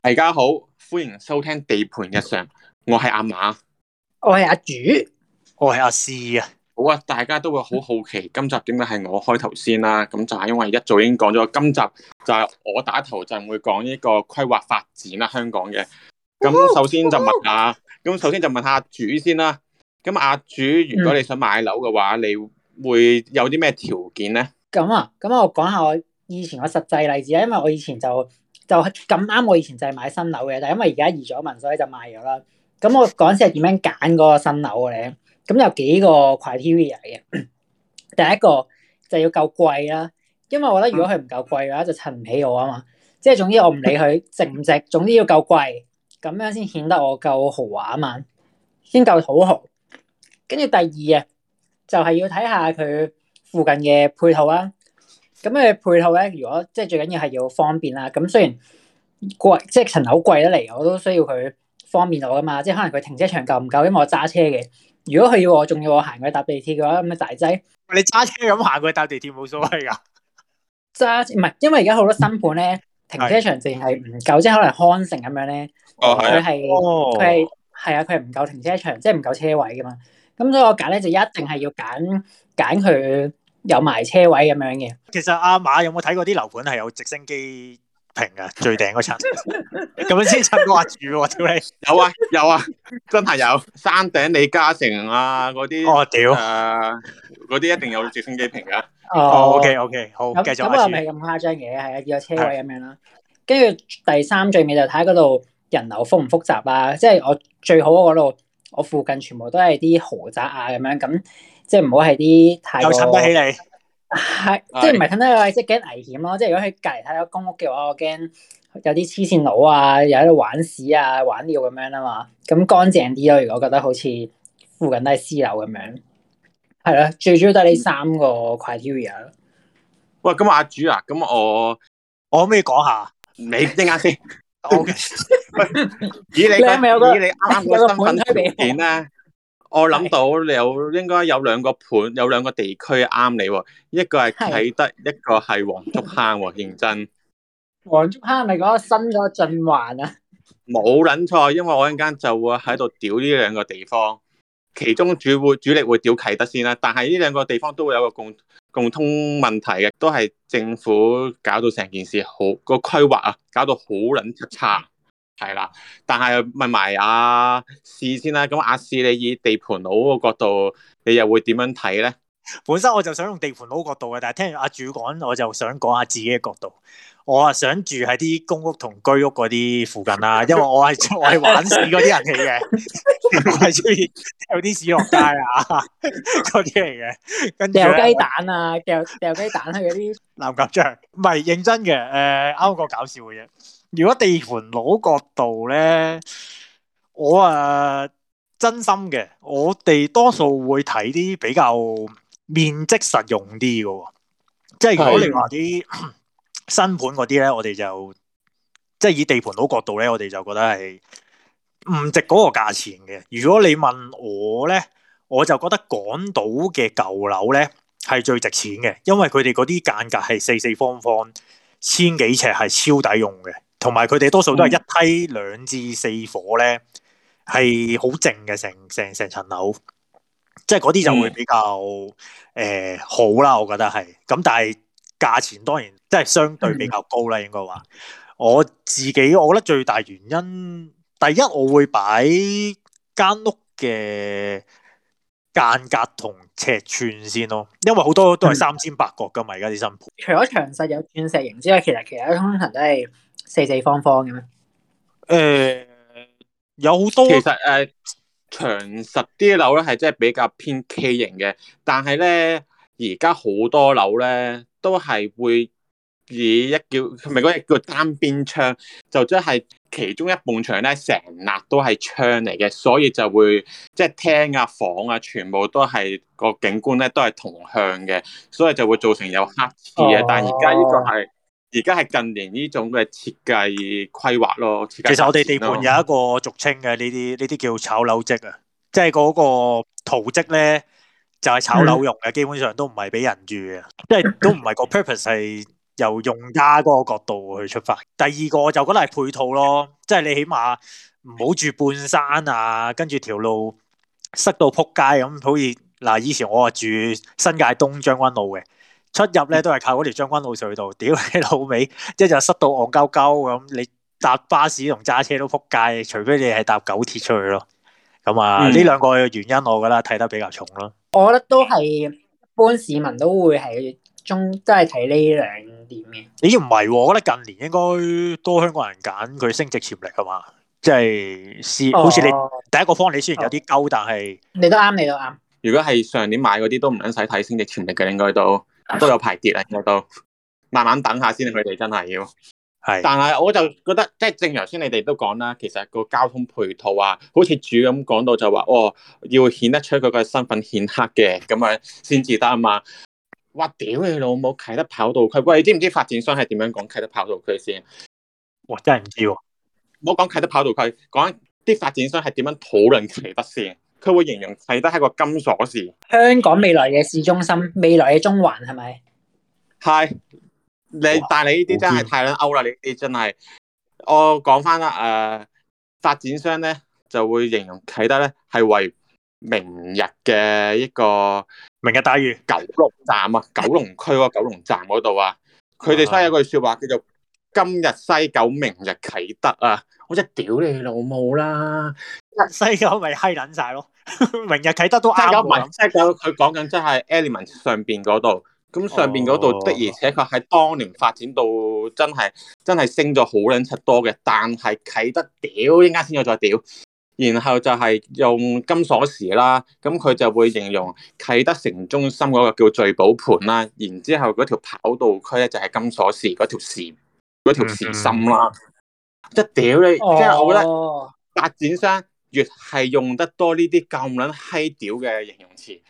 大家好，歡迎收聽地盤日常，我係阿馬，我係阿主，我係阿師啊。好啊，大家都會好好奇，今集點解係我開頭先啦？咁就係因為一早已經講咗，今集就係我打頭陣會講呢個規劃發展啦，香港嘅。咁首先就問下，咁首先就問下阿主先啦。咁阿主，如果你想買樓嘅話，你會有啲咩條件咧？咁啊，咁我講下我以前我實際例子啊，因為我以前就就咁啱，我以前就係買新樓嘅，但係因為而家移咗民，所以就賣咗啦。咁我講先係點樣揀嗰個新樓嘅咧？咁有幾個 criteria 嚟嘅。第一個就要夠貴啦，因為我覺得如果佢唔夠貴嘅話，就襯唔起我啊嘛。即係總之我唔理佢值唔值，總之要夠貴。咁樣先顯得我夠豪華啊嘛，先夠土豪。跟住第二啊，就係、是、要睇下佢附近嘅配套啦。咁、嗯、嘅配套咧，如果即係最緊要係要方便啦。咁雖然貴，即係層樓貴得嚟，我都需要佢方便到噶嘛。即係可能佢停車場夠唔夠，因為我揸車嘅。如果佢要我，仲要我行過去搭地鐵嘅話，咁大劑。你揸車咁行過去搭地鐵冇所謂噶，揸唔係因為而家好多新盤咧。停車場淨係唔夠，即係的可能康城咁樣咧，佢係佢係係啊，佢係唔夠停車場，即係唔夠車位噶嘛。咁所以我揀咧就一定係要揀揀佢有埋車位咁樣嘅。其實阿馬有冇睇過啲樓盤係有直升機？平啊，最頂嗰層，咁先撐得住喎！屌你，有啊有啊，真係有山頂李嘉誠啊嗰啲，哦屌啊，嗰啲一定有直升機坪噶。哦，OK OK，好，繼、嗯、續我。唔係咁誇張嘅，係啊，有車位咁樣啦。跟住第三最尾就睇下嗰度人流複唔複雜啊，即、就、係、是、我最好嗰度，我附近全部都係啲豪宅啊咁樣，咁即係唔好係啲太。又撐得起你。係，即係唔係睇得，即係幾危險咯。即係如果去隔籬睇咗公屋嘅話，我驚有啲黐線佬啊，又喺度玩屎啊、玩尿咁樣啊嘛。咁乾淨啲咯。如果覺得好似附近都係私樓咁樣，係啦，最主要都係呢三個 criteria 咯、嗯。喂，咁、嗯、阿、啊、主啊，咁我我可唔可以講下？你一下先，OK 咦， Okay. 以你 你是是以你啱啱 個心諗住點啊？ 我諗到你有應該有兩個盤，有兩個地區啱你喎、哦。一個係啟德，的一個係黃竹坑喎、哦。認真，黃 竹坑係咪嗰新嗰個晉環啊？冇撚錯，因為我一陣間就會喺度屌呢兩個地方，其中主會主力會屌啟德先啦。但係呢兩個地方都會有個共共通問題嘅，都係政府搞到成件事好、個規劃啊，搞到好撚差.。 係啦，但係問埋阿士先啦。咁阿士，你以地盤佬個角度，你又會點樣睇咧？本身我就想用地盤佬角度嘅，但係聽完阿主講，我就想講下自己嘅角度。我啊想住喺啲公屋同居屋嗰啲附近啦，因為我係我係玩屎嗰啲人嚟嘅，係中意有啲屎落街啊嗰啲嚟嘅。跟住掉雞蛋啊，掉掉雞蛋去嗰啲藍膠醬，唔係認真嘅。誒，啱個搞笑嘅嘢。如果地盤佬角度咧，我誒、啊、真心嘅，我哋多數會睇啲比較面積實用啲嘅，即係如果你話啲新盤嗰啲咧，我哋就即係以地盤佬角度咧，我哋就覺得係唔值嗰個價錢嘅。如果你問我咧，我就覺得港島嘅舊樓咧係最值錢嘅，因為佢哋嗰啲間隔係四四方方，千幾尺係超抵用嘅。同埋佢哋多數都係一梯兩至四伙，咧，係好靜嘅，成成成層樓，即係嗰啲就會比較誒、呃、好啦，我覺得係。咁但係價錢當然即係相對比較高啦，應該話。我自己我覺得最大原因，第一我會擺間屋嘅間隔同尺寸先咯，因為好多都係三尖八角噶嘛，而家啲新盤。除咗長實有鑽石型之外，其實其他通常都係。四四方方嘅咩？誒、呃、有好多其實誒長、呃、實啲樓咧，係真係比較偏 K 型嘅。但係咧，而家好多樓咧，都係會以一叫係咪嗰隻叫單邊窗，就即係其中一半牆咧，成吶都係窗嚟嘅，所以就會即係廳啊房啊，全部都係、嗰個景觀咧，都係同向嘅，所以就會造成有黑廁嘅。哦、但係而家呢個係。而家係近年呢種嘅設計規劃咯，其實我哋地盤有一個俗稱嘅呢啲呢啲叫炒樓積啊，即係嗰個圖積咧就係炒樓用嘅，基本上都唔係俾人住嘅，即係都唔係個 purpose 係由用家嗰個角度去出發。第二個就覺得係配套咯，即係你起碼唔好住半山啊，跟住條路塞到扑街咁，好似嗱以前我住新界東將軍路嘅。出入咧都係靠嗰條將軍澳隧道，屌你 老味，即係就塞到戇鳩鳩咁，你搭巴士同揸車都撲街，除非你係搭九鐵出去咯。咁啊，呢兩、嗯、個原因我覺得睇得比較重咯。我覺得都係般市民都會係中都係睇呢兩點嘅。咦唔係，我覺得近年應該多香港人揀佢升值潛力係嘛？即係市好似你、哦、第一個方你雖然有啲鳩，但係你都啱，你都啱。如果係上年買嗰啲都唔使睇升值潛力嘅，應該都。都有排跌啊，我都慢慢等下先，佢哋真係要。係是，但係我就覺得，即係正如頭先你哋都講啦，其實個交通配套啊，好似主咁講到就話，哦，要顯得出佢個身份顯赫嘅，咁樣先至得啊嘛。哇！屌你老母，啟德跑道區，喂，你知唔知發展商係點樣講啟德跑道區先？我真係唔知、啊，唔好講啟德跑道區，講啲發展商係點樣討論啟德先。佢會形容啟德係個金鎖匙，香港未來嘅市中心，未來嘅中環係咪？係，你、哦、但係你呢啲真係太撚歐啦！你啲真係，我講翻啦，誒、呃，發展商咧就會形容啟德咧係為明日嘅一個明日大嶼九龍站啊，九龍區嗰個，九龍站嗰度啊，佢哋真係有句說話叫做今日西九，明日啟德啊。我真係屌你老母啦！啊、西九咪閪撚晒咯， 明日啟德都呃咗。即係佢講緊，真係 e l e m e n t 上邊嗰度。咁上邊嗰度的，而且確喺當年發展到真係真係升咗好撚七多嘅。但係啟德屌，一陣間先又再屌。然後就係用金鎖匙啦，咁佢就會形容啟德城中心嗰個叫聚寶盤啦。然之後嗰條跑道區咧就係金鎖匙嗰條匙，嗰條匙芯啦。嗯嗯即屌你，即係我覺得發展商越係用得多呢啲咁撚閪屌嘅形容詞，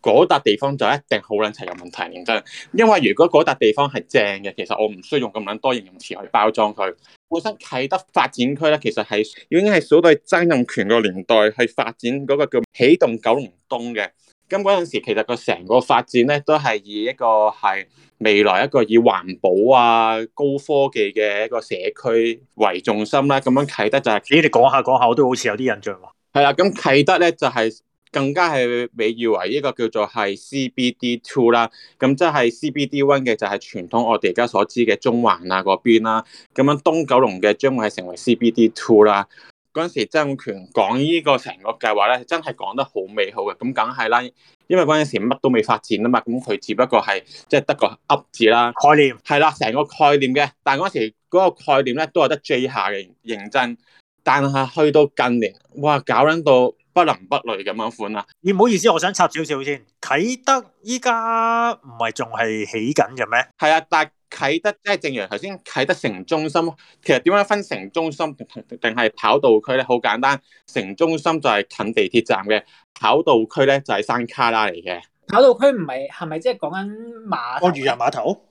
嗰笪地方就一定好撚齊有問題。認真，因為如果嗰笪地方係正嘅，其實我唔需要用咁撚多形容詞去包裝佢。本身啟德發展區咧，其實係已經係數到曾蔭權個年代去發展嗰個叫起動九龍東嘅。咁嗰陣時，其實個成個發展咧都係以一個係未來一個以環保啊、高科技嘅一個社區為重心啦。咁樣啟德就係、是，咦？你講下講下，我都好似有啲印象喎。係啦，咁啟德咧就係更加係被譽為一個叫做係 CBD Two 啦。咁即係 CBD One 嘅就係傳統我哋而家所知嘅中環啊嗰邊啦。咁樣東九龍嘅將會係成為 CBD Two 啦。嗰陣時，曾蔭權講依個成個計劃咧，真係講得好美好嘅。咁梗係啦，因為嗰陣時乜都未發展啊嘛。咁佢只不過係即係得個「up」字啦。概念係啦，成個概念嘅。但係嗰陣時嗰個概念咧，都係得最下嘅認真。但係去到近年，哇，搞撚到不倫不類咁樣款啦。你唔好意思，我想插少少先。啟德依家唔係仲係起緊嘅咩？係啊，但啟德即係正如頭先，啟德城中心其實點樣分城中心定定係跑道區咧？好簡單，城中心就係近地鐵站嘅，跑道區咧就係山卡拉嚟嘅。跑道區唔係係咪即係講緊碼頭？哦，漁人碼頭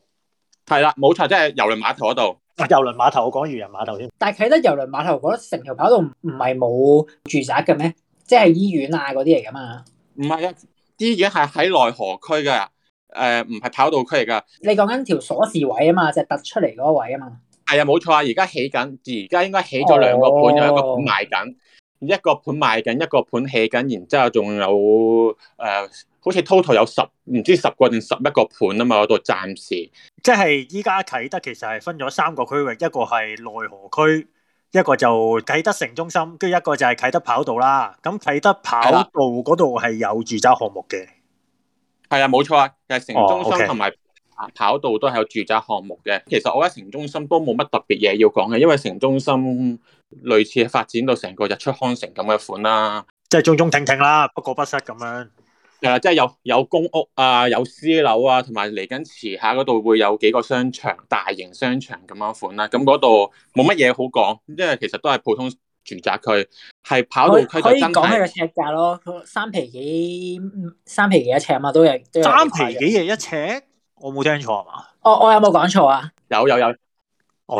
係啦，冇錯，即係遊輪碼頭嗰度。遊輪碼頭我講漁人碼頭先。但係啟德遊輪碼頭我覺得成條跑道唔係冇住宅嘅咩？即係醫院啊嗰啲嚟噶嘛？唔係啊，醫院係喺內河區嘅。誒，唔係、呃、跑道區嚟噶，你講緊條鎖匙位啊嘛，就係突出嚟嗰個位啊嘛。係啊，冇錯啊，而家起緊，而家應該起咗兩個盤，有、哦、一個盤賣緊，一個盤賣緊，一個盤起緊，然之後仲有誒、呃，好似 total 有十唔知十個定十一個盤啊嘛，嗰度暫時。即係依家啟德其實係分咗三個區域，一個係內河區，一個就啟德城中心，跟住一個就係啟德跑道啦。咁、嗯、啟德跑道嗰度係有住宅項目嘅。係啊，冇錯啊，就係城中心同埋跑道都係有住宅項目嘅。Oh, okay. 其實我覺得城中心都冇乜特別嘢要講嘅，因為城中心類似發展到成個日出康城咁嘅款啦。即係中中停停啦，不過不失咁樣。誒、呃，即係有有公屋啊，有私樓啊，同埋嚟緊遲下嗰度會有幾個商場、大型商場咁樣款啦。咁嗰度冇乜嘢好講，mm hmm. 因為其實都係普通。住宅區係跑道區就真係可以講開個尺價咯，三皮幾三皮幾一尺啊，都有,都有三皮幾嘢一尺，我冇聽錯係嘛？哦，我有冇講錯啊？有有有，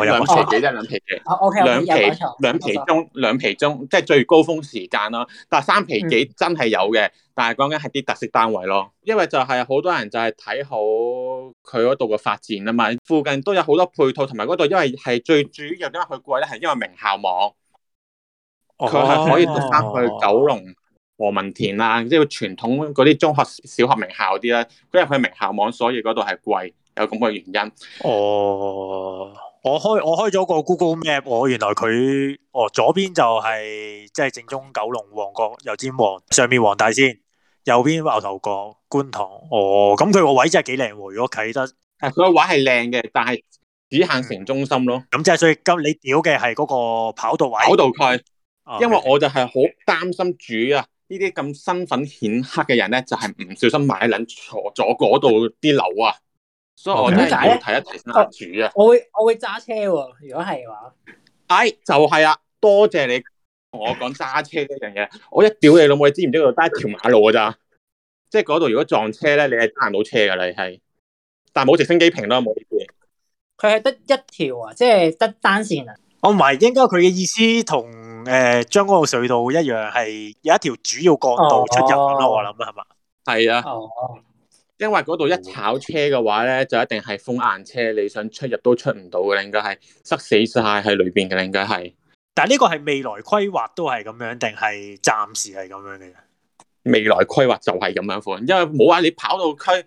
兩皮幾即係兩皮幾。OK 兩皮兩皮中兩皮錯中即係、就是、最高峰時間啦。但係三皮幾真係有嘅，嗯、但係講緊係啲特色單位咯，因為就係好多人就係睇好佢嗰度嘅發展啊嘛。附近都有好多配套，同埋嗰度因為係最主要，因為佢貴咧係因為名校網。佢係可以讀翻去九龍何文田啦，即係傳統嗰啲中學、小學名校啲啦。因為佢係名校網，所以嗰度係貴，有咁嘅原因。哦，我開我開咗個 Google Map，我原來佢哦左邊就係即係正宗九龍旺角、油尖旺，上面黃大仙，右邊牛頭角、觀塘。哦，咁佢個位真係幾靚位，如果企得。誒，佢個位係靚嘅，但係只限城中心咯。咁、嗯、即係最今你屌嘅係嗰個跑道位。跑道區。因為我就係好擔心住啊，這這呢啲咁身份顯赫嘅人咧，就係、是、唔小心買撚坐咗嗰度啲樓啊，所以我真係要睇一睇先得住啊、哦。我會我會揸車喎、哦，如果係嘅話，哎就係、是、啊，多謝你同我講揸車呢樣嘢，我一屌你老母，你知唔知道得一條馬路嘅咋？即係嗰度如果撞車咧，你係揸唔到車噶你係，但係冇直升機坪啦。冇呢啲嘢。佢係得一條啊，即係得單線啊。我唔係，應該佢嘅意思同誒將嗰個隧道一樣，係有一條主要幹道出入咯。哦、我諗係嘛？係啊，因為嗰度一炒車嘅話咧，就一定係封硬車。你想出入都出唔到嘅，應該係塞死晒喺裏邊嘅，應該係。但係呢個係未來規劃都係咁樣，定係暫時係咁樣嘅？未來規劃就係咁樣款，因為冇話你跑到區。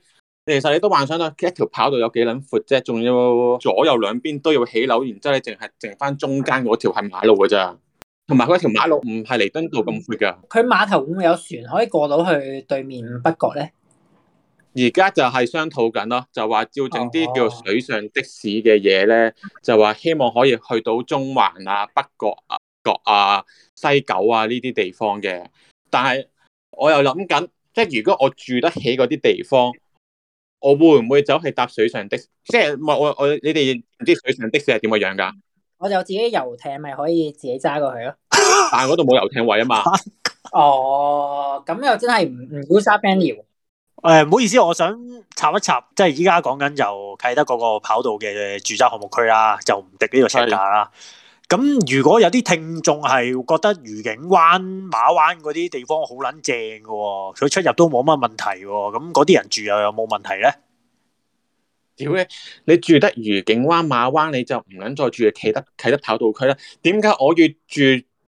其實你都幻想到一條跑道有幾捻闊啫，仲要左右兩邊都要起樓，然之後你淨係剩翻中間嗰條係馬路噶咋？同埋佢條馬路唔係彌敦道咁闊噶。佢碼頭有唔有，有船可以過到去對面北角咧？而家就係商討緊咯，就話照整啲叫做水上的士嘅嘢咧，oh. 就話希望可以去到中環啊、北角啊、角啊、西九啊呢啲地方嘅。但係我又諗緊，即係如果我住得起嗰啲地方。我會唔會走去搭水上的士？即係我我我，你哋唔知水上的士係點嘅樣㗎？我就自己遊艇咪可以自己揸過去咯。 但係嗰度冇遊艇位啊嘛。 哦，咁又真係唔唔揸 b 冰 n 喎。誒，唔、哎、好意思，我想插一插，即係依家講緊就啟德嗰個跑道嘅住宅項目區啦，就唔值呢個車架啦。咁如果有啲聽眾係覺得愉景灣、馬灣嗰啲地方好捻正嘅，佢出入都冇乜問題，咁嗰啲人住又有冇問題咧？屌嘅，你住得愉景灣、馬灣，你就唔捻再住啟德、啟德跑道區啦。點解我要住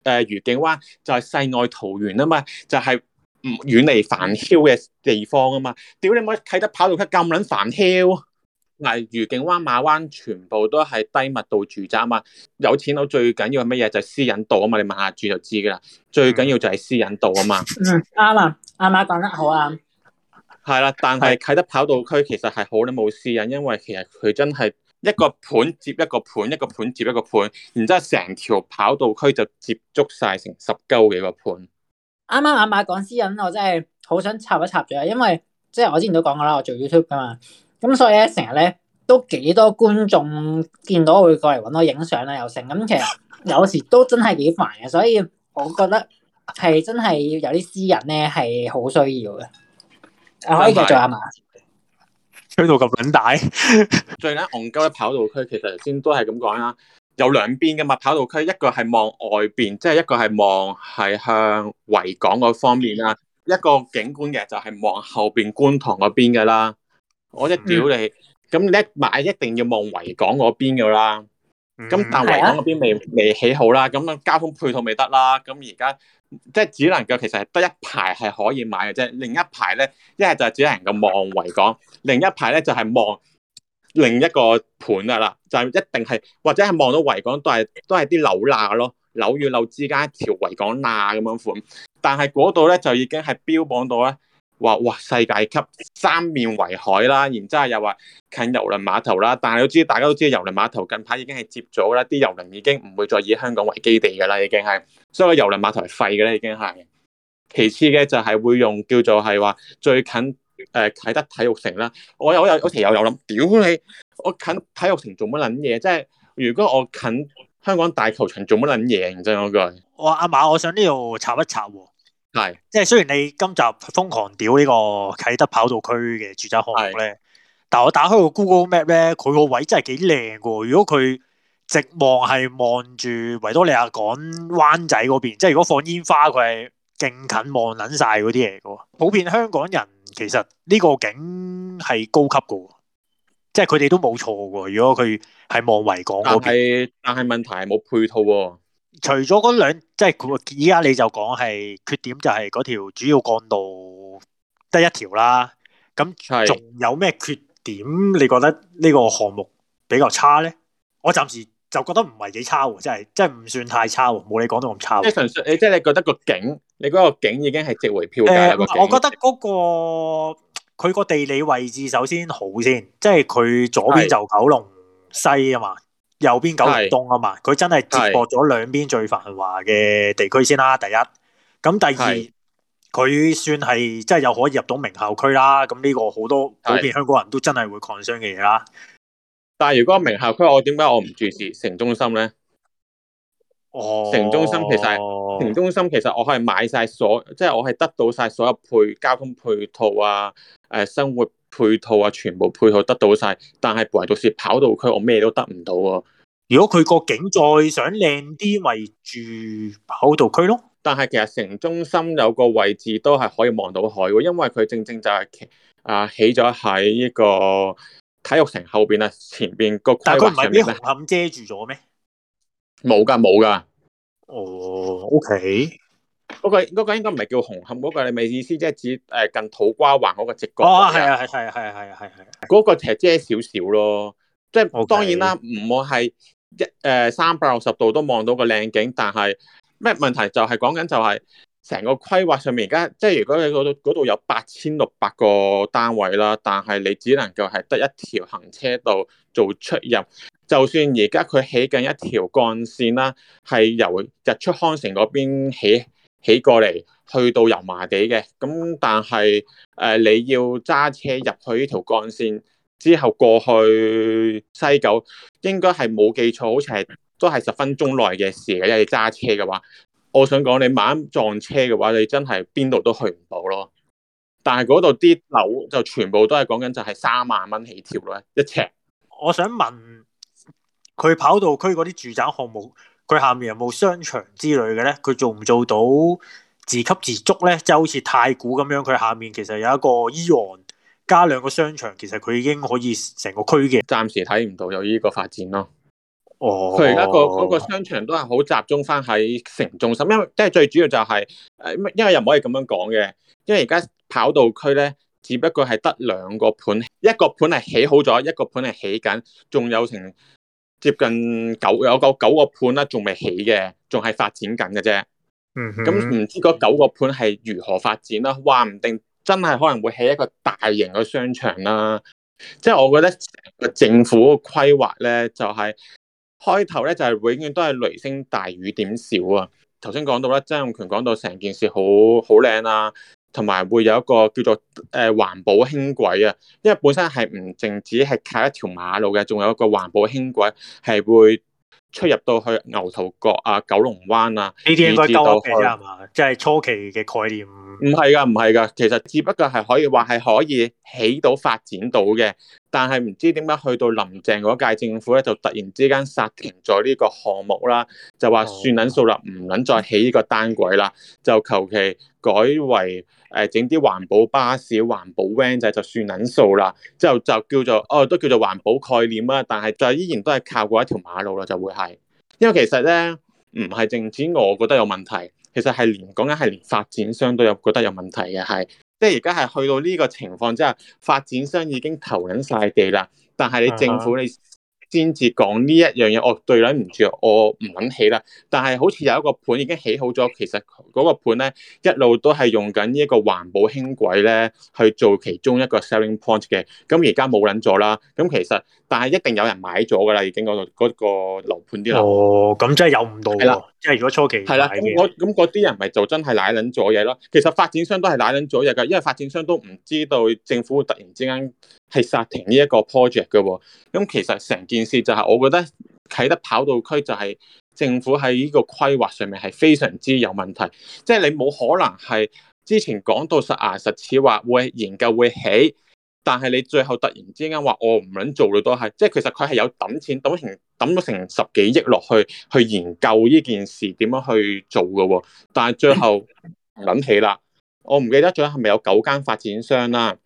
誒愉景灣就係世外桃源啊嘛？就係唔遠離繁囂嘅地方啊嘛？屌你冇得啟德跑道區咁捻繁囂。例如景灣、馬灣全部都係低密度住宅啊嘛，有錢佬最緊要係乜嘢？就係、私隱度啊嘛，你問下住就知噶啦。最緊要就係私隱度啊嘛。 嗯啱啦，阿馬講得好啊。係啦、嗯，但係啟德跑道區其實係好冇私隱，因為其實佢真係一個盤接一個盤，一個盤接一個盤，然之後成條跑道區就接觸晒成十鳩幾個盤。啱啱阿馬講私隱，我真係好想插一插嘴啊，因為即係我之前都講過啦，我做 YouTube 噶嘛。咁所以咧，成日咧都幾多觀眾見到會過嚟揾我影相啦，又成咁。其實有時都真係幾煩嘅，所以我覺得係真係要有啲私人咧，係好需要嘅。可以繼續啊嘛，吹到咁撚大， 最叻戇鳩嘅跑道區。其實先都係咁講啦，有兩邊噶嘛，跑道區，一個係望外邊，即係一個係望係向維港嗰方面啦，一個景觀嘅就係望後邊觀塘嗰邊噶啦。我一屌你，咁你一買一定要望維港嗰邊噶啦，咁但係維港嗰邊未未起好啦，咁啊交通配套未得啦，咁而家即係只能夠其實係得一排係可以買嘅啫，另一排咧一係就係只能夠望維港，另一排咧就係望另一個盤噶啦，就一定係或者係望到維港都係都係啲樓罅咯，樓與樓之間一條維港罅咁樣款，但係嗰度咧就已經係標榜到咧。話哇世界級三面圍海啦，然之後又話近郵輪碼頭啦，但係都知，大家都知郵輪碼頭近排已經係接咗啦，啲郵輪已經唔會再以香港為基地噶啦，已經係，所以個郵輪碼頭係廢噶啦，已經係。其次嘅就係、是、會用叫做係話最近誒啟德體育城啦，我有我又我前又有諗，屌你，我近體育城做乜撚嘢？即係如果我近香港大球場做乜撚嘢？真係嗰句。我阿馬，我想呢度插一插。係，即係雖然你今集瘋狂屌呢個啟德跑道區嘅住宅項目咧，是但係我打開個 Google Map 咧，佢個位真係幾靚噶。如果佢直望係望住維多利亞港灣仔嗰邊，即係如果放煙花，佢係勁近望捻晒嗰啲嘢噶。普遍香港人其實呢個景係高級噶，即係佢哋都冇錯噶。如果佢係望維港嗰邊，但係問題係冇配套。除咗嗰兩，即係依家你就講係缺點，就係嗰條主要幹道得一條啦。咁仲有咩缺點？你覺得呢個項目比較差咧？我暫時就覺得唔係幾差喎，即係即係唔算太差喎，冇你講到咁差。即係純粹，你即係你覺得個景，你嗰個景已經係值回票價啦。我覺得嗰、嗰個佢個地理位置首先好先，即係佢左邊就九龍西啊嘛。右邊九龍東啊嘛，佢是真係接駁咗兩邊最繁華嘅地區先啦。嗯、第一，咁第二，佢是算係即係又可以入到名校區啦。咁呢個好多普遍香港人都真係會擴張嘅嘢啦。但係如果名校區，我點解我唔注視城中心咧？哦城，城中心其實城中心其實我係買晒所，即、就、係、是、我係得到晒所有配交通配套啊，誒、呃，生活。配套啊，全部配套得到晒。但係唔係到跑道區，我咩都得唔到啊。如果佢個景再想靚啲，咪住跑道區咯。但係其實城中心有個位置都係可以望到海嘅，因為佢正正就係、是、啊起咗喺呢個體育城後邊啊，前邊個。但係唔係俾紅磡遮住咗咩？冇㗎，冇㗎。哦，O K。Oh, okay. 嗰個嗰個應該唔係叫紅磡嗰個，你咪意思即係指誒近土瓜灣嗰個直角？哦，係啊，係啊，係啊，係啊，係啊，嗰個斜遮少少咯，即係當然啦，唔會係一誒三百六十度都望到個靚景，但係咩問題就係講緊就係成個規劃上面而家，即係如果你嗰度嗰度有八千六百個單位啦，但係你只能夠係得一條行車道做出入，就算而家佢起緊一條幹線啦，係由日出康城嗰邊起。起過嚟去到油麻地嘅，咁但係誒、呃、你要揸車入去呢條幹線之後過去西九，應該係冇記錯，好似係都係十分鐘內嘅事嘅。因為你揸車嘅話，我想講你萬一撞車嘅話，你真係邊度都去唔到咯。但係嗰度啲樓就全部都係講緊就係三萬蚊起跳咯，一尺。我想問佢跑道區嗰啲住宅項目。佢下面有冇商場之類嘅咧？佢做唔做到自給自足咧？即係好似太古咁樣，佢下面其實有一個 Eon 加兩個商場，其實佢已經可以成個區嘅。暫時睇唔到有呢個發展咯。哦，佢而家個個商場都係好集中翻喺城中心，因為即係最主要就係、是、誒，因為又唔可以咁樣講嘅，因為而家跑道區咧只不過係得兩個盤，一個盤係起好咗，一個盤係起緊，仲有成。接近九有個九個盤啦，仲未起嘅，仲係發展緊嘅啫。咁唔、嗯、哼知個九個盤係如何發展啦、啊？話唔定真係可能會起一個大型嘅商場啦、啊。即、就、係、是、我覺得個政府規劃咧，就係、是、開頭咧就係、是、永遠都係雷聲大雨點小啊。頭先講到啦，曾蔭權講到成件事好好靚啊。同埋會有一個叫做誒環保輕軌啊，因為本身係唔淨止係靠一條馬路嘅，仲有一個環保輕軌係會出入到去牛頭角啊、九龍灣啊。呢啲應該都係嘅嘛，即係初期嘅概念。唔係㗎，唔係㗎，其實只不過係可以話係可以起到發展到嘅。但係唔知點解去到林鄭嗰屆政府咧，就突然之間煞停咗呢個項目啦，就話算撚數啦，唔撚再起呢個單軌啦，就求其改為誒、呃、整啲環保巴士、環保 van 仔，就算撚數啦，之後就叫做哦都叫做環保概念啦，但係就依然都係靠過一條馬路啦，就會係因為其實咧唔係淨止我覺得有問題，其實係連講緊係連發展商都有覺得有問題嘅係。即係而家係去到呢個情況之下，發展商已經投緊晒地啦。但係你政府你先至講呢一樣嘢、uh huh.，我對捻唔住，我唔揾起啦。但係好似有一個盤已經起好咗，其實嗰個盤咧一路都係用緊呢一個環保輕軌咧去做其中一個 selling point 嘅。咁而家冇捻咗啦。咁其實但係一定有人買咗噶啦，已經嗰個嗰個樓盤啲啦。哦、oh,，咁真係有唔到。即係如果初期係啦，咁嗰啲人咪就真係奶撚咗嘢咯。其實發展商都係奶撚咗嘢㗎，因為發展商都唔知道政府會突然之間係殺停呢一個 project 㗎。咁、嗯、其實成件事就係、是，我覺得啟德跑道區就係、是、政府喺呢個規劃上面係非常之有問題。即係你冇可能係之前講到實牙、啊、實齒話會研究會起。但係你最後突然之間話我唔撚做咯。都係即係其實佢係有揼錢揼成揼咗成十幾億落去去研究呢件事點樣去做㗎喎、哦，但係最後諗起啦，我唔記得咗係咪有九間發展商啦，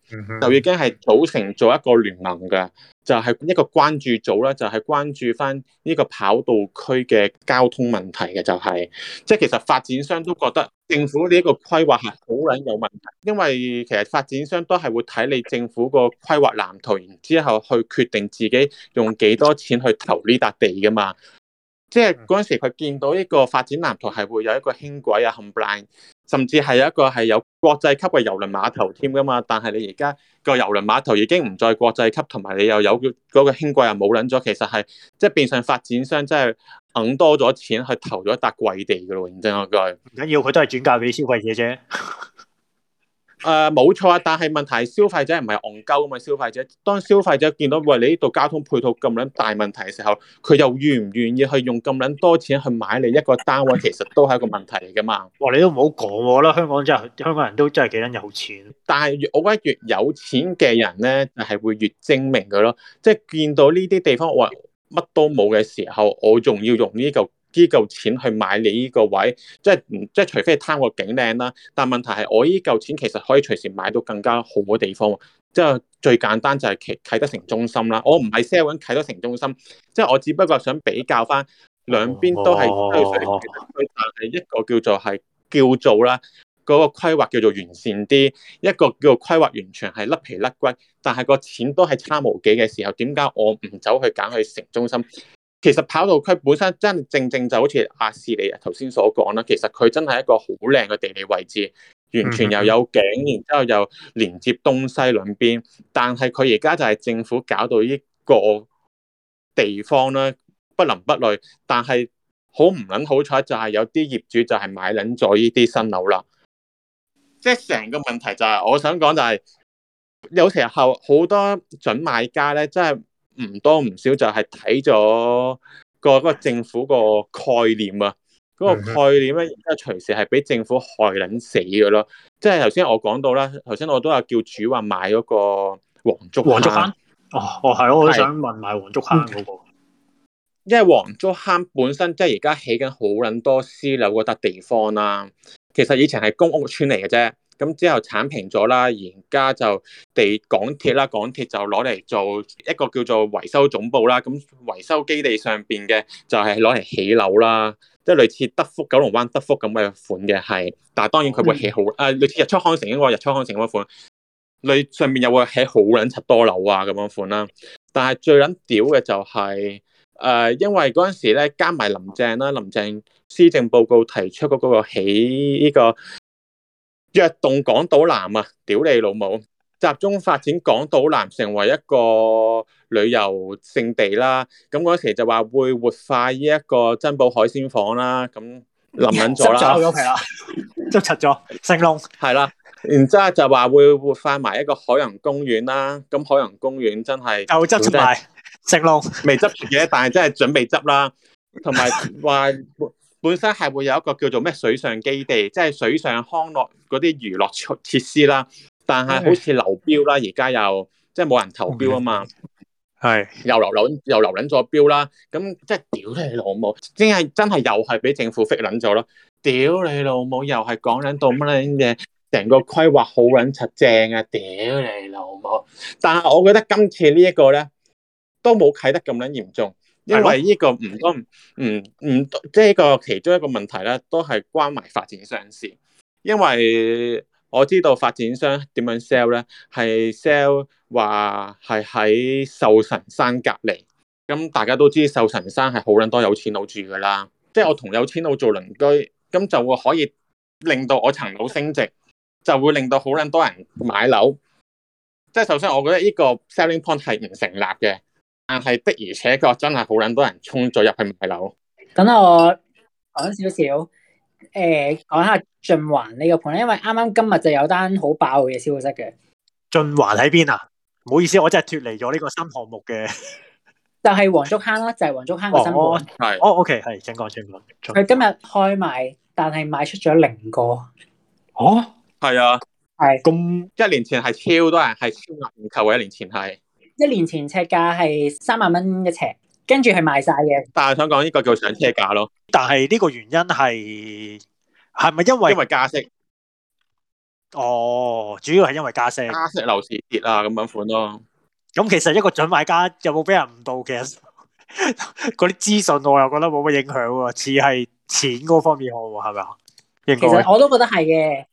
就已經係組成做一個聯盟嘅。就係一個關注組咧，就係、係、關注翻呢個跑道區嘅交通問題嘅、就係，就係即係其實發展商都覺得政府呢一個規劃係好撚有問題，因為其實發展商都係會睇你政府個規劃藍圖，然之後去決定自己用幾多錢去投呢笪地噶嘛。即係嗰陣時佢見到一個發展藍圖係會有一個輕軌啊，冚甚至係有一個係有國際級嘅郵輪碼頭添㗎嘛，但係你而家個郵輪碼頭已經唔再國際級，同埋你又有嗰個輕軌又冇撚咗，其實係即係變成發展商真係揞多咗錢去投咗一笪貴地㗎咯，認真應該唔緊要，佢都係轉嫁俾消費者啫。 誒冇錯啊，但係問題消費者唔係戇鳩啊嘛。消費者當消費者見到喂你呢度交通配套咁撚大問題嘅時候，佢又願唔願意去用咁撚多錢去買你一個單位，其實都係一個問題嚟噶嘛。哇！你都唔好講我啦，香港真係香港人都真係幾撚有錢。但係我覺得越有錢嘅人咧，就係會越精明嘅咯。即係見到呢啲地方，我乜都冇嘅時候，我仲要用呢嚿呢嚿錢去買你呢個位，即係即係除非係貪個景靚啦，但係問題係我依嚿錢其實可以隨時買到更加好嘅地方喎。即係最簡單就係啟啟德城中心啦。我唔係 sell 緊啟德城中心，即係我只不過想比較返兩邊都係都要水準，但係一個叫做係叫做啦，嗰、這個規劃叫做完善啲，一個叫做規劃完全係甩皮甩骨，但係個錢都係差無幾嘅時候，點解我唔走去揀去城中心？其實跑道區本身真正正就好似阿士利頭先所講啦，其實佢真係一個好靚嘅地理位置，完全又有景，然之後又連接東西兩邊。但係佢而家就係政府搞到呢個地方咧，不倫不類。但係好唔捻好彩就係有啲業主就係買捻咗呢啲新樓啦。即係成個問題就係、是，我想講就係、是、有時候好多準買家咧，真係。唔多唔少就係睇咗個嗰政府個概念啊，嗰個概念咧而家隨時係俾政府害撚死嘅咯。即係頭先我講到啦，頭先我都有叫主話買嗰個黃竹黃竹坑。哦哦係，我好想問買黃竹坑嗰個，嗯，因為黃竹坑本身即係而家起緊好撚多私樓嗰笪地方啦，其實以前係公屋村嚟嘅啫。咁之後剷平咗啦，而家就地港鐵啦，港鐵就攞嚟做一個叫做維修總部啦。咁維修基地上邊嘅就係攞嚟起樓啦，即係類似德福九龍灣德福咁嘅款嘅，係，但係當然佢會起好誒，類似日出康城嗰個，日出康城咁款，你上面又會起好撚七多樓啊咁樣款啦。但係最撚屌嘅就係誒，因為嗰陣時咧加埋林鄭啦，林鄭施政報告提出嗰個起呢個。躍動港島南啊！屌你老母！集中發展港島南成為一個旅遊勝地啦。咁嗰時就話會活化呢一個珍寶海鮮舫啦。咁冧緊咗啦，執咗皮啦，執柒咗，成龍係啦。然之後就話會活化埋一個海洋公園啦。咁海洋公園真係又執埋成龍，未執住嘢，但係真係準備執啦。同埋話。本身係會有一個叫做咩水上基地，即係水上康樂嗰啲娛樂設設施啦。但係好似流標啦，而家又即係冇人投標啊嘛。係的又流卵，又流卵咗標啦。咁即係屌你老母，即係真係又係俾政府逼卵咗咯。屌你老母，又係講緊到乜嘢，成個規劃好卵柒正啊！屌你老母。但係我覺得今次呢一個咧，都冇啟得咁卵嚴重。因為呢個唔多，嗯唔即係個其中一個問題咧，都係關埋發展商事。因為我知道發展商點樣 sell 咧，係 sell 話係喺壽臣山隔籬。咁大家都知壽臣山係好撚多有錢佬住噶啦，即係我同有錢佬做鄰居，咁就會可以令到我層樓升值，就會令到好撚多人買樓。即係首先，我覺得呢個 selling point 係唔成立嘅。但係的而且確真係好捻多人衝咗入去買樓。等我講少少，誒、欸，講下晉環呢個盤，因為啱啱今日就有單好爆嘅消息嘅。晉環喺邊啊？唔好意思，我真係脫離咗呢個新項目嘅。就係、是、黃竹坑啦，就係黃竹坑嘅新盤。係，哦，哦，OK，係，請講，請講。佢今日開賣，但係賣出咗零個。哦，係啊，係是。咁麼一年前係超多人，係超額認購嘅。一年前係。一年前尺價係三萬蚊一尺，跟住係賣晒嘅。但係想講呢個叫上車價咯。但係呢個原因係係咪因為因為加息？哦，主要係因為加息，加息樓市跌啊咁樣款咯。咁其實一個準買家有冇俾人誤導嘅？嗰啲 資訊我又覺得冇乜影響喎，似係錢嗰方面好喎，係咪啊？其實我都覺得係嘅。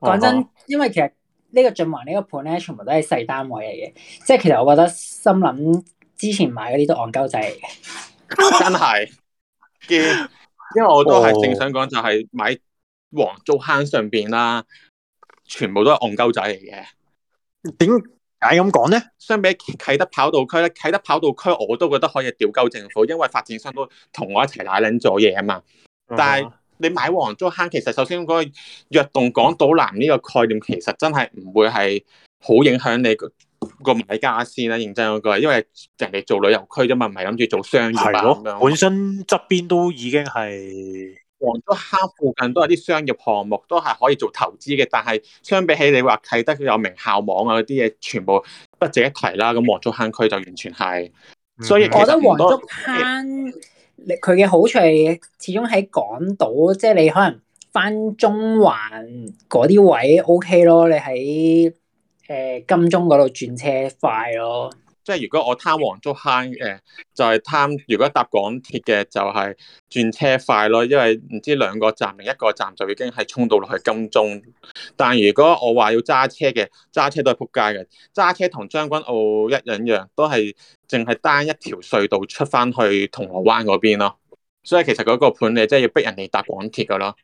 講真， 因為其實。呢個進環呢個盤咧，全部都係細單位嚟嘅，即係其實我覺得心諗之前買嗰啲都戇鳩仔嚟嘅，真係 因為我都係正想講就係買黃竹坑上邊啦，啊，全部都係戇鳩仔嚟嘅。點解咁講咧？麼麼呢 相比啟德跑道區咧，啟德跑道區我都覺得可以吊鳩政府，因為發展商都同我一齊拉撚咗嘢啊嘛，但係、啊。你買黃竹坑，其實首先嗰個躍動港島南呢個概念，其實真係唔會係好影響你個買家先啦。認真嗰個，因為人哋做旅遊區啫嘛，唔係諗住做商業。係咯，本身側邊都已經係黃竹坑附近都有啲商業項目，都係可以做投資嘅。但係相比起你話睇得佢有名校網啊嗰啲嘢，全部不值一提啦。咁黃竹坑區就完全係，嗯、所以我覺得黃竹坑。佢嘅好處係始終喺港島，即係你可能返中環嗰啲位 OK 咯，你喺誒、呃、金鐘嗰度轉車快咯。即係如果我貪黃竹坑嘅，就係、是、貪；如果搭港鐵嘅，就係轉車快咯。因為唔知兩個站定一個站就已經係衝到落去金鐘。但如果我話要揸車嘅，揸車都係撲街嘅。揸車同將軍澳一樣，一樣，都係淨係單一條隧道出翻去銅鑼灣嗰邊咯。所以其實嗰個盤你真係要逼人哋搭港鐵㗎咯。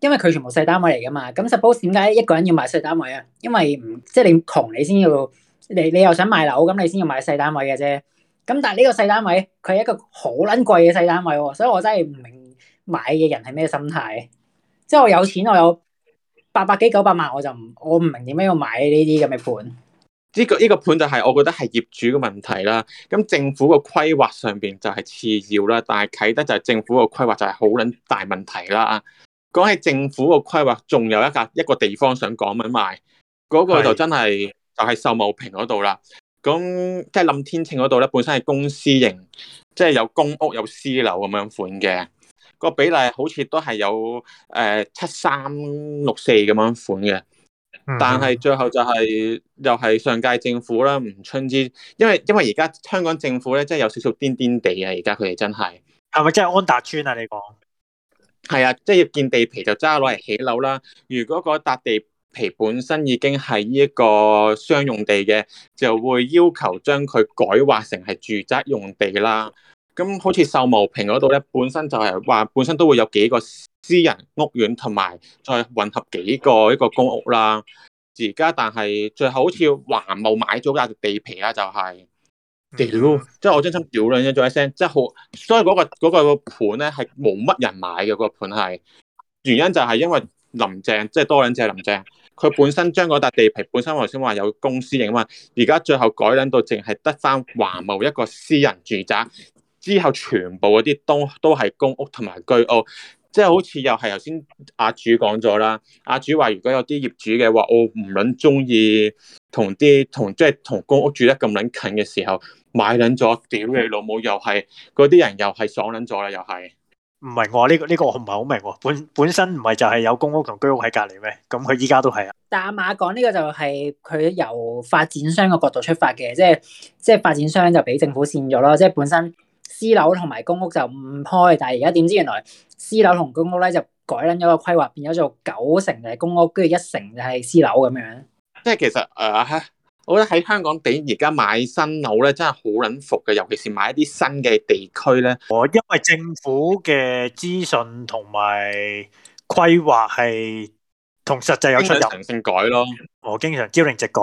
因為佢全部細單位嚟㗎嘛。咁 suppose 點解一個人要買細單位啊？因為唔即係你窮，你先要。你你又想買樓，咁你先要買細單位嘅啫。咁但係呢個細單位，佢係一個好撚貴嘅細單位喎，所以我真係唔明買嘅人係咩心態。即係我有錢，我有八百幾九百萬，我就唔我唔明點解要買呢啲咁嘅盤。呢個呢個盤就係我覺得係業主嘅問題啦。咁政府個規劃上面就係次要啦，但係啟德就係政府個規劃就係好撚大問題啦。講起政府個規劃，仲有一格一個地方想講緊賣，嗰個就真係。就係秀茂坪嗰度啦，咁即係冧天秤嗰度咧，本身係公私型，即、就、係、是、有公屋有私樓咁樣款嘅，個比例好似都係有誒七三六四咁樣款嘅，嗯、但係最後就係、是、又係上屆政府啦，唔春之，因為因為而家香港政府咧，真係有少少癲癲地啊，而家佢哋真係係咪即係安達村啊？你講係啊，即係要見地皮就揸攞嚟起樓啦，如果嗰笪地。皮本身已經係呢一個商用地嘅，就會要求將佢改劃成係住宅用地啦。咁好似秀茂坪嗰度咧，本身就係、係、話本身都會有幾個私人屋苑，同埋再混合幾個一個公屋啦。而家但係最後好似環茂買咗嗰笪地皮啦、就係，就係屌，即係我真心屌兩一咗一聲，即係好，所以嗰、嗰個嗰、嗰個盤咧係冇乜人買嘅。嗰、嗰個盤係原因就係因為林鄭，即係多兩隻林鄭。佢本身將嗰笪地皮，本身我頭先話有公司營運，而家最後改撚到淨係得返華茂一個私人住宅，之後全部嗰啲都都係公屋同埋居屋，即係好似又係頭先阿主講咗啦，阿主話如果有啲業主嘅話，我唔撚中意同啲同即係同公屋住得咁撚近嘅時候，買撚咗，屌你老母又係嗰啲人又係爽撚咗啦，又係。唔係我呢、呢個呢、呢個我唔係好明喎。本本身唔係就係有公屋同居屋喺隔離咩？咁佢依家都係啊。但阿馬講呢個就係佢由發展商嘅角度出發嘅，即係即係發展商就俾政府線咗咯。即係本身私樓同埋公屋就唔開，但係而家點知原來私樓同公屋咧就改捻咗個規劃，變咗做九成就係公屋，跟住一成就係私樓咁樣。即係其實誒、uh 我覺得喺香港地而家買新樓咧，真係好捻服嘅，尤其是買一啲新嘅地區咧。哦，因為政府嘅資訊同埋規劃係同實際有出入。經常性改咯，我經常朝令夕改。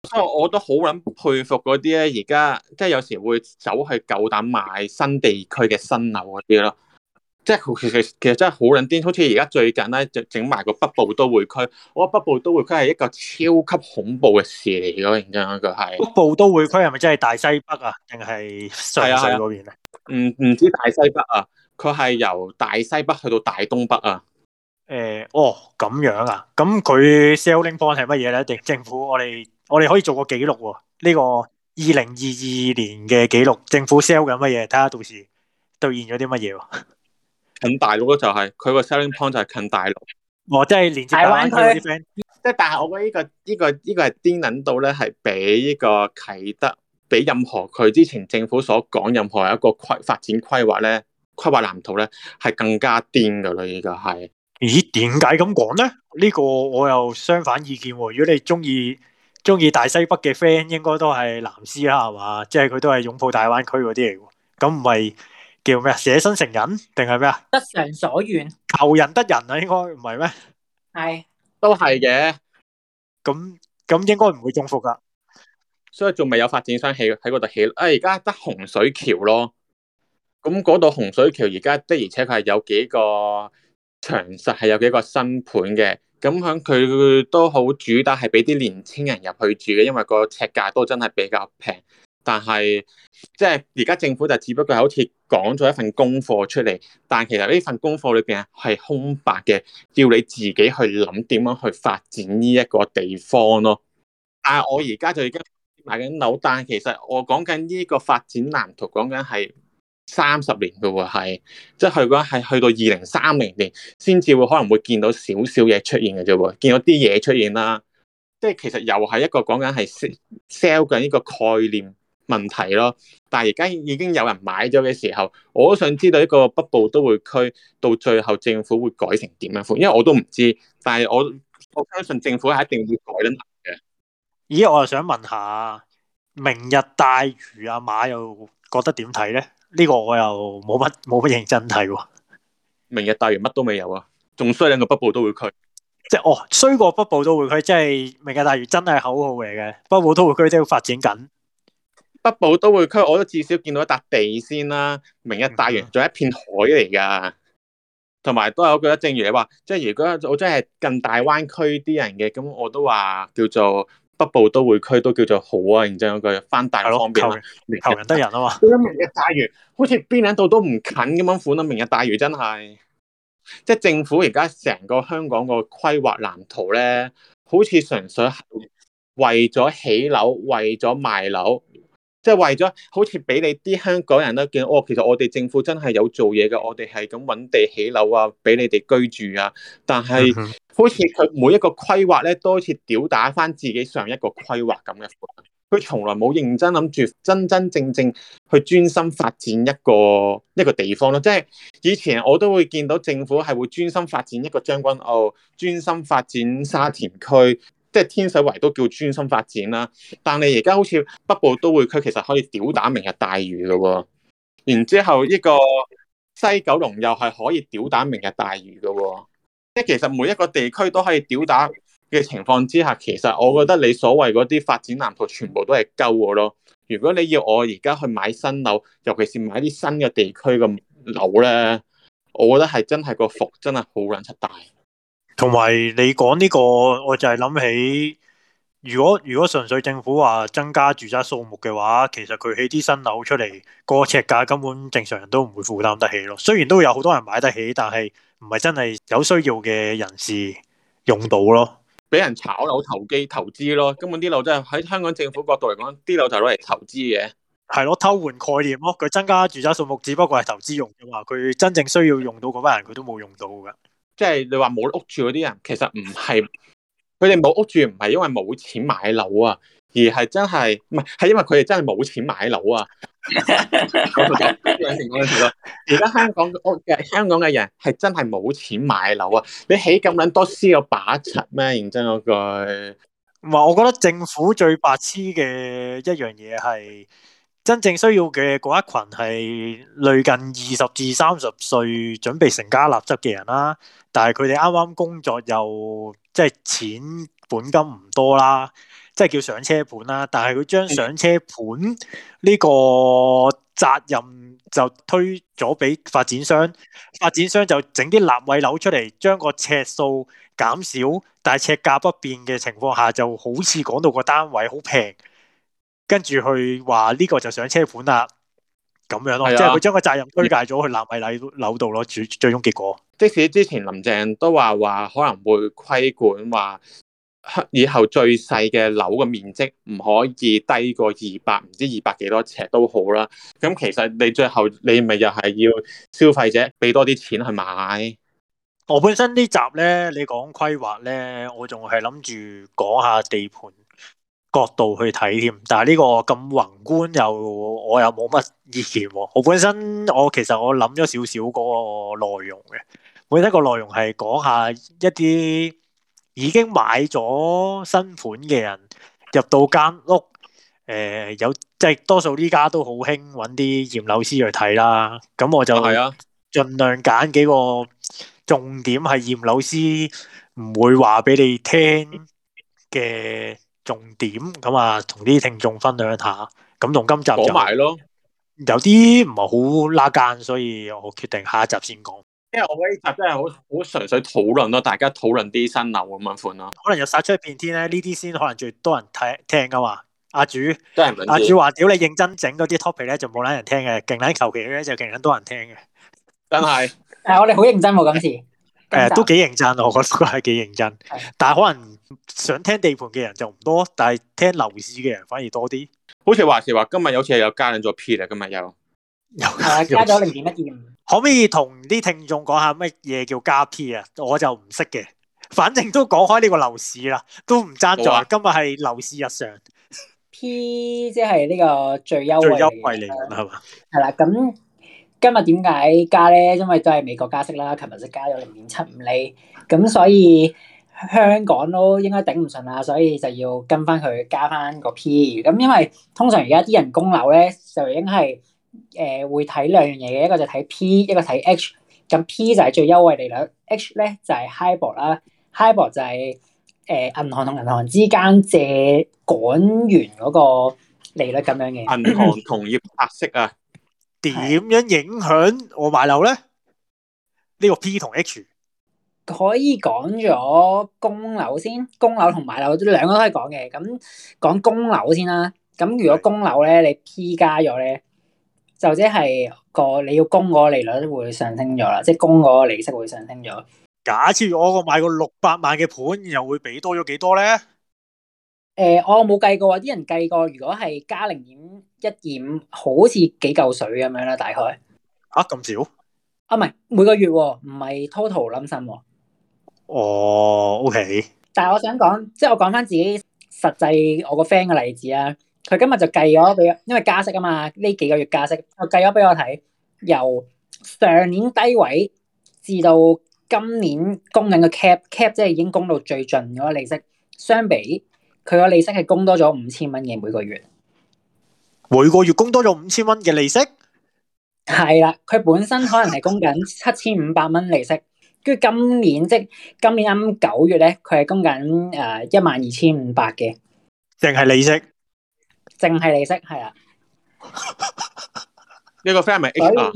不過我都好捻佩服嗰啲咧，而家即係有時會走去夠膽買新地區嘅新樓嗰啲咯。即係其實真係好撚癲，好似而家最近咧整整埋個北部都會區，我覺得北部都會區係一個超級恐怖嘅事嚟咯，認真佢係北部都會區係咪真係大西北啊，定係西海嗰邊啊？唔唔、啊、知大西北啊，佢係由大西北去到大東北啊？誒、欸、哦咁樣啊，咁佢 selling point 係乜嘢咧？定政府我哋我哋可以做個記錄喎，呢、這個二零二二年嘅記錄，政府 sell 緊乜嘢？睇下到時兌現咗啲乜嘢。 近大陸咯、就是，就係佢個 selling point 就係近大陸。哦，即係連接大灣區。即係，但係我覺得依、這個依、這個依、這個係癲捻到咧，係比呢個啟德比任何佢之前政府所講任何一個規發展規劃咧規劃藍圖咧係更加癲噶啦，呢個係。咦？點解咁講咧？呢、這個我又相反意見喎。如果你中意中意大西北嘅 friend，應該都係藍絲啦，係嘛？即係佢都係擁抱大灣區嗰啲嚟。咁唔係。叫咩啊？捨身成仁定係咩啊？得償所願，求人得人啊，應該唔係咩？係是都係嘅，咁咁應該唔會中伏噶，所以仲未有發展商起喺嗰度起。誒、啊，而家得洪水橋咯，咁嗰度洪水橋而家的而且佢係有幾個長實係有幾個新盤嘅，咁響佢都好主打係俾啲年青人入去住嘅，因為個尺價都真係比較平。但係即係而家政府就只不過係好似講咗一份功課出嚟，但其實呢份功課裏邊係空白嘅，要你自己去諗點樣去發展呢一個地方咯。但、啊、我而家就已經買緊樓，但係其實我講緊呢個發展藍圖講緊係三十年㗎喎，係即係佢講係去到二零三零年先至會可能會見到少少嘢出現嘅啫喎，見到啲嘢出現啦。即、就、係、是、其實又係一個講緊係 sell 緊呢個概念。問題咯，但係而家已經有人買咗嘅時候，我都想知道呢個北部都會區到最後政府會改成點樣款，因為我都唔知。但係我我相信政府係一定要改得明嘅。咦，我又想問下明日大嶼阿、啊、馬又覺得點睇咧？呢、這個我又冇乜冇乜認真睇喎、哦。明日大嶼乜都未有啊，仲衰兩個北部都會區。即係哦，衰過北部都會區，即係明日大嶼真係口號嚟嘅。北部都會區即係發展緊。北部都會區，我都至少見到一笪地先啦、啊。明日大嶼仲係一片海嚟㗎，同埋都係嗰句啦。正如你話，即係如果我真係近大灣區啲人嘅，咁我都話叫做北部都會區都叫做好啊。認真嗰句，翻大陸方便啦，求人得人啊嘛。明日大嶼好似邊兩度都唔近咁樣款啦。明日大嶼真係即係政府而家成個香港個規劃藍圖咧，好似純粹為咗起樓，為咗賣樓。即係為咗好似俾你啲香港人都見到，哦，其實我哋政府真係有做嘢嘅，我哋係咁揾地起樓啊，俾你哋居住啊。但係 好似佢每一個規劃咧，都好似屌打翻自己上一個規劃咁嘅，佢從來冇認真諗住真真正正去專心發展一個一個地方咯。即係以前我都會見到政府係會專心發展一個將軍澳，專心發展沙田區。即係天水圍都叫專心發展啦，但你而家好似北部都會區其實可以屌打明日大嶼嘅喎，然之後一個西九龍又係可以屌打明日大嶼嘅喎，即係其實每一個地區都可以屌打嘅情況之下，其實我覺得你所謂嗰啲發展藍圖全部都係鳩嘅咯。如果你要我而家去買新樓，尤其是買啲新嘅地區嘅樓咧，我覺得係真係個福真係好撚出大。同埋你講呢個，我就係諗起，如果如果純粹政府話增加住宅數目嘅話，其實佢起啲新樓出嚟，個尺價根本正常人都唔會負擔得起咯。雖然都有好多人買得起，但係唔係真係有需要嘅人士用到咯，俾人炒樓投機投資咯。根本啲樓真係喺香港政府角度嚟講，啲樓就攞嚟投資嘅。係咯，偷換概念咯。佢增加住宅數目只不過係投資用嘅嘛，佢真正需要用到嗰班人，佢都冇用到噶。即係你話冇屋住嗰啲人，其實唔係佢哋冇屋住，唔係因為冇錢買樓啊，而係真係唔係係因為佢哋真係冇錢買樓啊。而 家 香港嘅屋嘅香港嘅人係真係冇錢買樓啊！你起咁撚多私有把柒咩？認真嗰句，唔，我覺得政府最白痴嘅一樣嘢係。真正需要嘅嗰一群係類近二十至三十歲準備成家立室嘅人啦，但係佢哋啱啱工作又即係錢本金唔多啦，即係叫上車盤啦。但係佢將上車盤呢個責任就推咗俾發展商，發展商就整啲立位樓出嚟，將個尺數減少，但係尺價不變嘅情況下，就好似講到個單位好平。跟住佢話呢個就上車盤啦，咁樣咯，的即係佢將個責任推介咗去納米樓度咯，最最終結果。即使之前林鄭都話話可能會規管話，以後最細嘅樓嘅面積唔可以低過二百，唔知二百幾多尺都好啦。咁其實你最後你咪又係要消費者俾多啲錢去買。我本身呢集咧，你講規劃咧，我仲係諗住講下地盤。角度去睇添，但係呢個咁宏觀，又我又冇乜意見喎。我本身我其實我諗咗少少嗰個內容嘅，每一個內容係講下一啲已經買咗新盤嘅人入到間屋，誒、呃、有即係、就是，多數呢家都好興揾啲驗樓師去睇啦。咁我就係啊，盡量揀幾個重點係驗樓師唔會話俾你聽嘅。重點咁啊，同啲聽眾分享下。咁同今集講埋咯，有啲唔係好拉間，所以我決定下一集先講。因為我呢集真係好好純粹討論咯，大家討論啲新樓咁樣款咯。可能又殺出一片天咧，呢啲先可能最多人聽聽噶嘛。阿、啊、主真係，阿、啊、主話屌你認真整嗰啲 topic 咧，就冇懶人聽嘅，勁懶求其咧就勁懶多人聽嘅。真係的，誒， 我哋好認真冇，今次。誒、呃，都幾認真，我覺得係幾認真， 但係可能。想聽地盤嘅人就唔多，但係聽樓市嘅人反而多啲。好似話時話，今日有次係有加緊咗 P 啦，今日又，又，加咗零點一五。可唔可以同啲聽眾講下乜嘢叫加 P 啊？我就唔識嘅，反正都講開呢個樓市啦，都唔爭在今日係樓市日常。P 即係呢個最優惠，優惠嚟嘅係嘛？係啦 吧，咁今日點解加咧？因為都係美國加息啦，琴日就加咗零點七五厘，咁所以。香港都應該頂唔順啦，所以就要跟翻佢加翻個 P。咁因為通常而家啲人供樓咧，就已經係誒會睇兩樣嘢嘅，一個就睇 P，一個睇 H。咁 P 就係最優惠利率，H 咧就係 HIBOR 啦，HIBOR 就係誒銀行同銀行之間借港元嗰個利率咁樣嘅。銀行同業拆息啊，點樣影響我買樓咧？呢個 P 同 H。可以講咗供樓先，供樓同買樓兩個都可以講嘅。咁講供樓先啦。咁如果供樓咧，你 P 加咗咧，就即係個你要供嗰個利率都會上升咗啦，即係供嗰個利息會上升咗。假設我買個六百萬嘅盤，又會俾多咗幾多咧？誒，我冇計過，啲人計過。如果係加零點一五，好似幾嚿水咁樣啦，大概。吓？咁少？啊，唔係每個月，唔係 total 諗身。哦，oh，OK。但係我想講，即係我講翻自己實際我個 friend 嘅例子啊，佢今日就計咗俾我，因為加息啊嘛，呢幾個月加息，我計咗俾我睇，由上年低位至到今年供緊嘅 cap cap，即係已經供到最盡嗰個利息，相比佢個利息係供多咗五千蚊嘅，每個月，每個月供多咗五千蚊嘅利息。係啦， 佢本身可能係供緊七千五百蚊利息。跟住今年即今年啱九月咧，佢係供緊誒一萬二千五百嘅，淨係利息，淨係利息係啊。呢個 friend 係 HR 啊？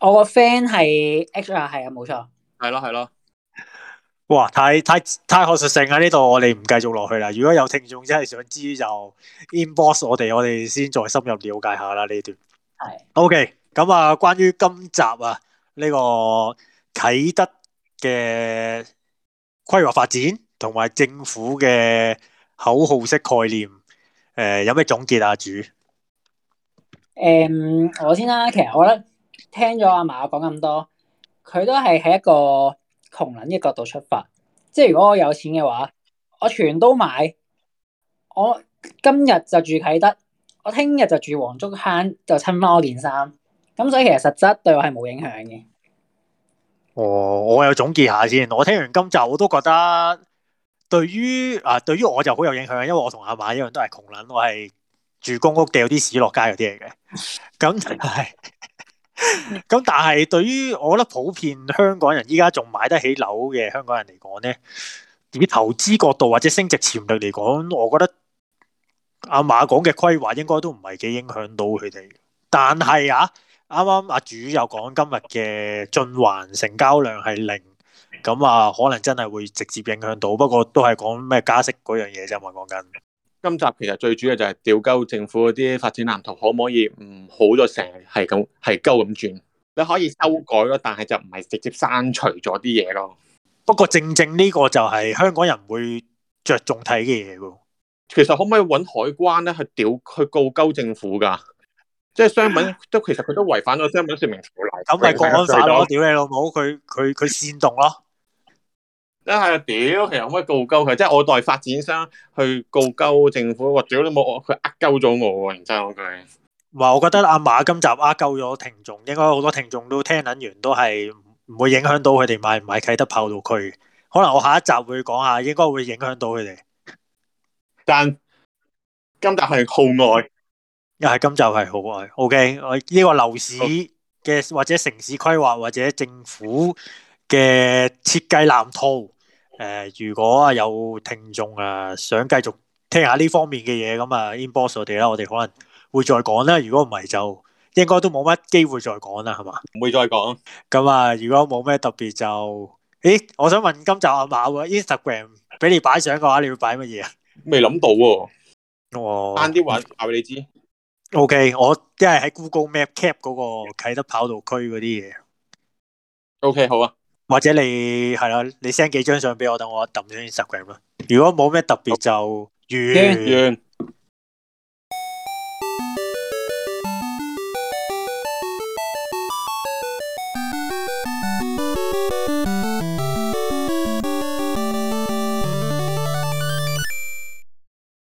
我個 friend 係 HR 係啊，冇錯。係咯係咯，哇！太太太學術性喺呢度我哋唔繼續落去啦。如果有聽眾真係想知，就 inbox 我哋，我哋先再深入了解下啦呢段。係的。OK，咁啊，關於今集啊呢、這個。啟德嘅規劃發展同埋政府嘅口號式概念，誒、呃，有咩總結啊？主，誒、嗯，我先啦。其實我覺得聽咗阿馬講咁多，佢都係喺一個窮人嘅角度出發。即係如果我有錢嘅話，我全都買。我今日就住啟德，我聽日就住黃竹坑，就襯翻我件衫。咁所以其實實質對我係冇影響嘅。哦、我我又總結下先，我聽完今集我都覺得對於，對於啊，對於我就好有影響，因為我同阿馬一樣都係窮卵，我係住公屋掉啲屎落街嗰啲嚟嘅。咁 係但是，咁 但係對於我覺得普遍香港人依家仲買得起樓嘅香港人嚟講咧，以投資角度或者升值潛力嚟講，我覺得阿馬講嘅規劃應該都唔係幾影響到佢哋。但係啊。啱啱阿主有講今日嘅循環成交量係零，咁啊可能真係會直接影響到，不過都係講咩加息嗰樣嘢啫嘛，講緊。今集其實最主要就係屌鳩政府嗰啲發展藍圖，可唔可以唔好咗成日咁係鳩咁轉？你可以修改咯，但係就唔係直接刪除咗啲嘢咯。不過正正呢個就係香港人會着重睇嘅嘢喎。其實可唔可以揾海關咧去屌去告鳩政府噶？即係商品都其實佢都違反咗商品說明條例，咁咪國安死咯！屌你老母，佢佢佢煽動咯，真係屌！其實我咩 告鳩佢，即係我代發展商去告鳩政府，或者你冇，佢呃鳩咗我，真係嗰句。唔，我覺得阿馬今集呃鳩咗聽眾，應該好多聽眾都聽撚完都係唔會影響到佢哋買唔買啟德跑道區。可能我下一集會講下，應該會影響到佢哋。但今集係酷愛。又係今集係好愛，OK？我呢個樓市嘅或者城市規劃或者政府嘅設計藍圖，誒、呃，如果啊有聽眾啊想繼續聽下呢方面嘅嘢，咁啊，inbox 我哋啦，我哋可能會再講啦。如果唔係，就應該都冇乜機會再講啦，係嘛？唔會再講。咁啊、嗯，如果冇咩特別就，誒，我想問今集阿馬，Instagram 俾你擺相嘅話，你要擺乜嘢啊？未諗到喎。哦。晏啲話俾你知。O、okay, K，我即係喺 Google Map Cap 嗰、那個啟德跑道區嗰啲嘢。O、okay, K，好啊，或者你係啦，你 send 幾張相俾我，等我抌咗 Instagram 啦。如果冇咩特別就好完。完完